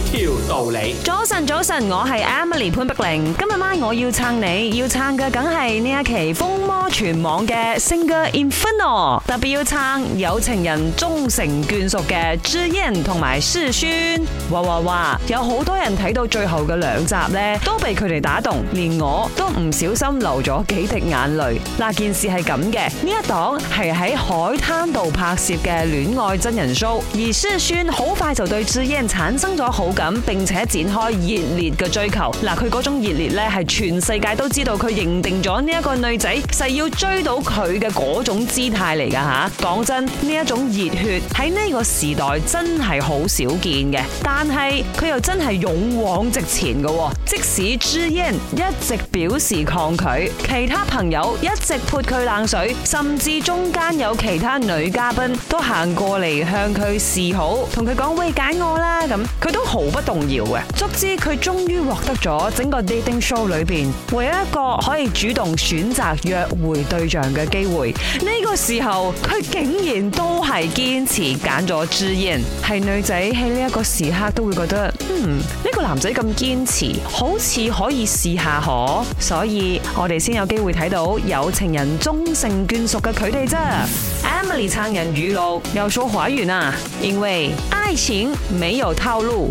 條道理。早晨，早晨，我係 Emily 潘碧玲。今日晚我要撐你，要撐嘅梗係呢一期《瘋魔全網》嘅《Singer Infernal》，特別要撐有情人終成眷屬嘅朱茵同埋舒萱。嘩嘩嘩，有好多人睇到最後嘅兩集呢，都被佢哋打動，連我都唔小心流咗幾滴眼淚。嗱，件事係咁嘅，呢一檔係喺海灘度拍攝嘅戀愛真人 show，而舒萱好快就對朱茵產生咗好感，並且展開熱烈嘅追求。嗱，佢嗰種熱烈咧，係全世界都知道佢認定咗呢一個女仔，係要追到佢嘅嗰種姿態嚟噶吓。講真，呢一種熱血喺呢個時代真係好少見嘅。但係佢又真係勇往直前嘅，即使朱 i 一直表示抗拒，其他朋友一直潑佢冷水，甚至中間有其他女嘉賓都行過嚟向佢示好，同佢講，喂，解我啦咁，佢都。毫不動搖嘅，直至佢終於獲得咗整個 dating show 裏邊唯一一個可以主動選擇約會對象嘅機會。呢、這個時候，佢竟然都係堅持揀咗朱茵，係女仔喺呢一個時刻都會覺得，嗯，呢、這個男仔咁堅持，好似可以試一下可。所以我哋先有機會睇到有情人終成眷屬嘅佢哋啫。Emily 參與娛樂，又說華語啊，因為愛情沒有套路。